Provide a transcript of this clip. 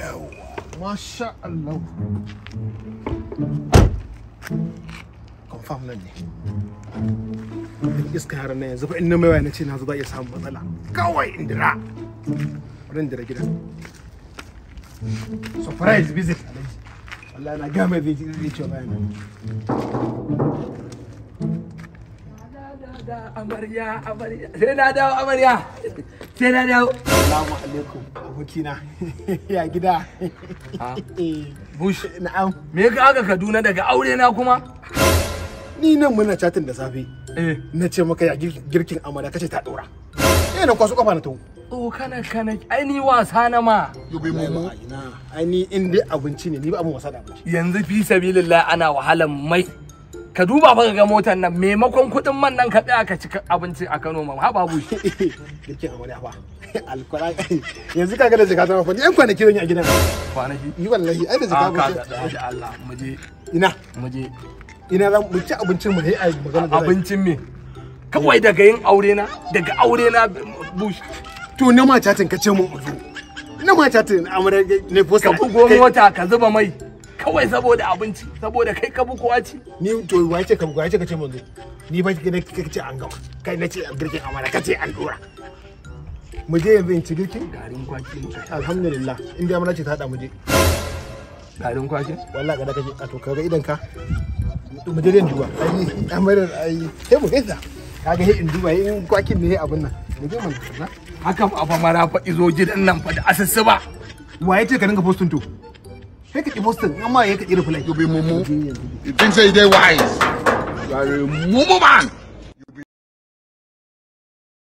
يوا ما شاء الله كونفيرم مني iska har na yanzu ba in na mai na ce na za iya samun matsala kawai indira wurin dira gida surprise visit alhaji wallahi na gama zai ji zai ce bayan da amarya amarya sai na dawo amarya sai na dawo salamu alaikum abokina ya gida eh. bush na'am me ka aka kaduna daga aure na kuma ni nan muna chatin da safe eh. na ce maka ya girkin amara kace ta dora eh na kwaso kafa na tawo o kana kana ai ni wasa na ma yobe mu ai ni in dai abinci ne ni ba mu wasa da abinci yanzu fi sabilillah ana wahalan mai ka duba ba ga motar nan maimakon kuɗin man nan ka tsaya ka ci abinci a Kano ma babu bu da ke wani ba alkurai yanzu kaga da zakata ma fa yan kwanaki ne yi a gidan kwanaki yi wallahi ai da zakata ah, ba da Allah mu je ina mu je ina zan mu ci abincin mu ne ai magana da abincin me kawai daga yin aure na daga aure na bush to na ma chatin ka ce mun na ma chatin amare ne fosa ka bugo mota ka zuba mai kawai saboda abinci saboda kai ka kowa ce ni to wai ce ka buku ce ka ce manzo ni ba ka ce an gama kai na ce girkin amana ka ce an dora mu je yanzu in ci girkin garin kwaki alhamdulillah inda amana ce ta hada mu je garin kwaki wallahi ga da kake a to ga idan ka mu je din duba ai amana ai sai mu gaisa kaga he in duba in kwakin ne abin nan mu je mun haka fa fa mara fa izo gidan nan fa da asassuba waye ce ka dinga postin to Take Kai ka ki Boston, amma ya ka ki reply. You be mumu. You think you're they wise. You are a mumu man.